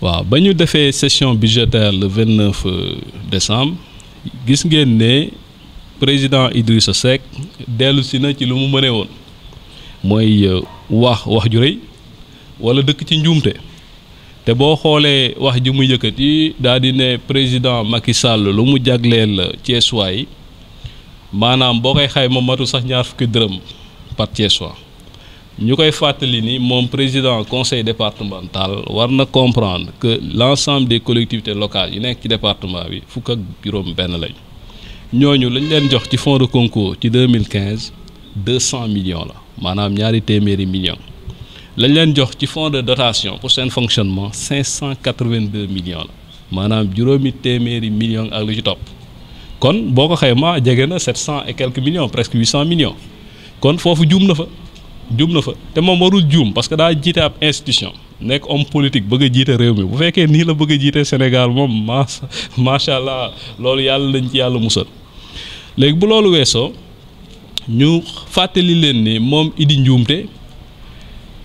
waaw ba ñu defee session budgétaire le vingt neuf euh, décembre gis ngeen ne président Idrissa Seck dellu si na ci lu mu mënee woon mooy euh, wax wax ju rëy wala dëkk ci njuumte te boo xoolee wax ji mu yëkkati daal di ne président Macky Sall lu mu jagleel Thiessois yi maanaam boo koy xayma matu sax ñaar fukki dërëm par Thiessois. ñu koy fàttali ni moom président conseil départemental war na comprendre que l'ensemble des collectivité locales yi nekk ci département bi fukk ak juróom benn lañ ñooñu lañ leen jox ci fonds de concours ci deux mille quinze deux cent millions la maanaam ñaari téeméeri millions lañ leen jox ci fonds de dotation pour seen fonctionnement cinq cent quatre vingt deux la maanaam juróomi téeméeri million ak lu ci topp kon boo ko xaymaa jege na sept cent et quelques millions presque huit cent millions kon foofu juum na fa. juum na fa te moom warul juum parce que daa jiite ab institution nekk homme politique bëgg a jiite réew mi bu fekkee nii la bëgg a jiite Sénégal moom ma macha allah loolu yàlla lañ ci yàlla musal léegi bu loolu weesoo ñu fàttali leen ni moom Idi Njuumte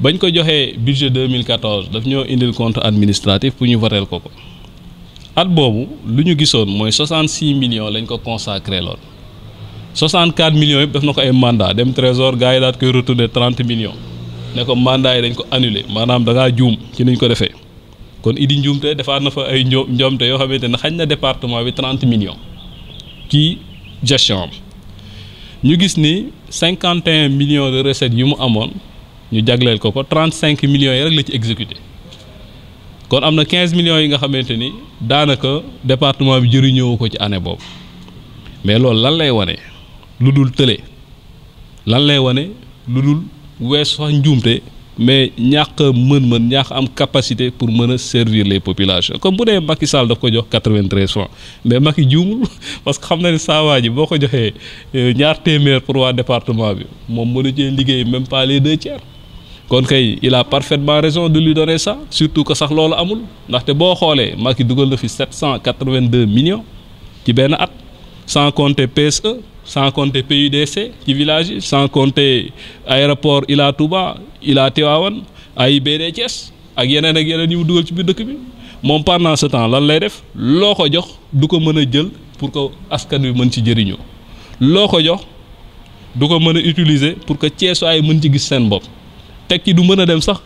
bañ ko joxee budget 2014 daf ñoo indil compte administratif pour ñu voteel ko ko at boobu lu ñu gisoon mooy 66 millions lañ ko consacré lool. 64 millions yëpp def na ko ay mandat dem trésor gars yi daal koy retourné 30 millions ne ko mandat yi dañ ko annulé maanaam da ngaa juum ci niñ ko defee kon it idi njuumte defaat na fa ay njo njoomte yoo xamante ne xañ na département bi 30 millions ci gestion am ñu gis ni 51 millions de recettes yu mu amoon ñu jagleel ko ko 35 millions yi rek la ci exécuté kon am na 15 millions yi nga xamante ni daanaka département bi jëriñoo ko ci année boobu mais loolu lan lay wane. lu dul tële lan lay wane lu dul weesu sax njuumte mais ñàkk mën-mën ñàkk am capacité pour mën a servir les populations comme bu dee Macky Sall daf ko jox quatre-vingt-treize mais Macky juumul parce que xam na ne saawaa ji boo ko joxee euh, ñaar téeméer pour waa département bi moom mënu cee liggéey même pas les deux kon kay il a parfaitement raison de li donner ça surtout ko sax loolu amul ndaxte boo xoolee Macky dugal na fi sept cent quatre-vingt-deux ci benn at sans compter PSE sans compter PUDC ci village yi sans compter aéroport Ila Touba Ila Tivaouane ay Thiès ak yeneen ak yeneen yu mu dugal ci biir dëkk bi moom pendant ce temps lan lay def loo ko jox du ko mën a jël pour que askan wi mën ci jëriñoo loo ko jox du ko mën a utiliser pour que Thiessois yi mën ci gis seen bopp teg ci du mën a dem sax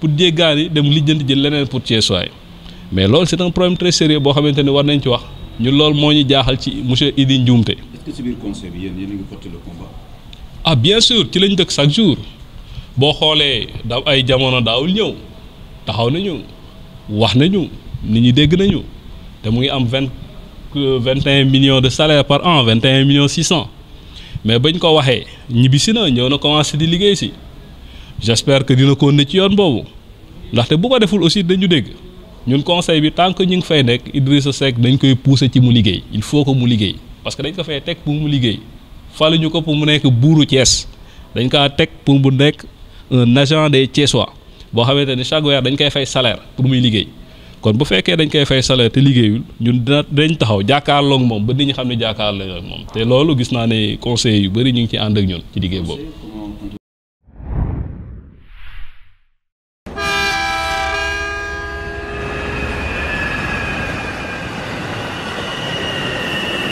pour jéggaani dem lijjanti jël leneen pour Thiessois yi mais loolu c'est un problème très sérieux boo xamante ne war nañ ci wax. ñu lool moo ñu jaaxal ci monsieur Idi Njuumte. est biir conseil bi yéen yéen a ngi porté le combat. ah bien sûr ci lañ dëkk chaque jour boo xoolee daaw ay jamono daawul ñëw taxaw nañu wax nañu nit ñi dégg nañu te mu ngi am vingt euh, vingt et un millions de salaire par an vingt et un millions mais bañ ko waxee ñibbisi na ñëw na commencé di liggéey si j'espère que dina ko ne ci yoon boobu ndaxte bu ko deful aussi dañu dégg. ñun conseil bi tant que ñu ngi fay nekk Idrissa Seck dañ koy pousser ci mu liggéey il faut que mu liggéey parce que dañ ko fay teg pour mu liggéey ñu ko pour mu nekk buuru Thiès dañ kaa teg pour mu nekk un agent des Thiessois boo xamante ne chaque weer dañ koy fay salaire pour muy liggéey kon bu fekkee dañ koy fay salaire te liggéeyul ñun dina dañ taxaw jàkkaarloo ak moom ba nit ñu xam ne jàkkaarloo ak moom te loolu gis naa ne conseil yu bëri ñu ngi ci ànd ak ñun ci liggéey boobu.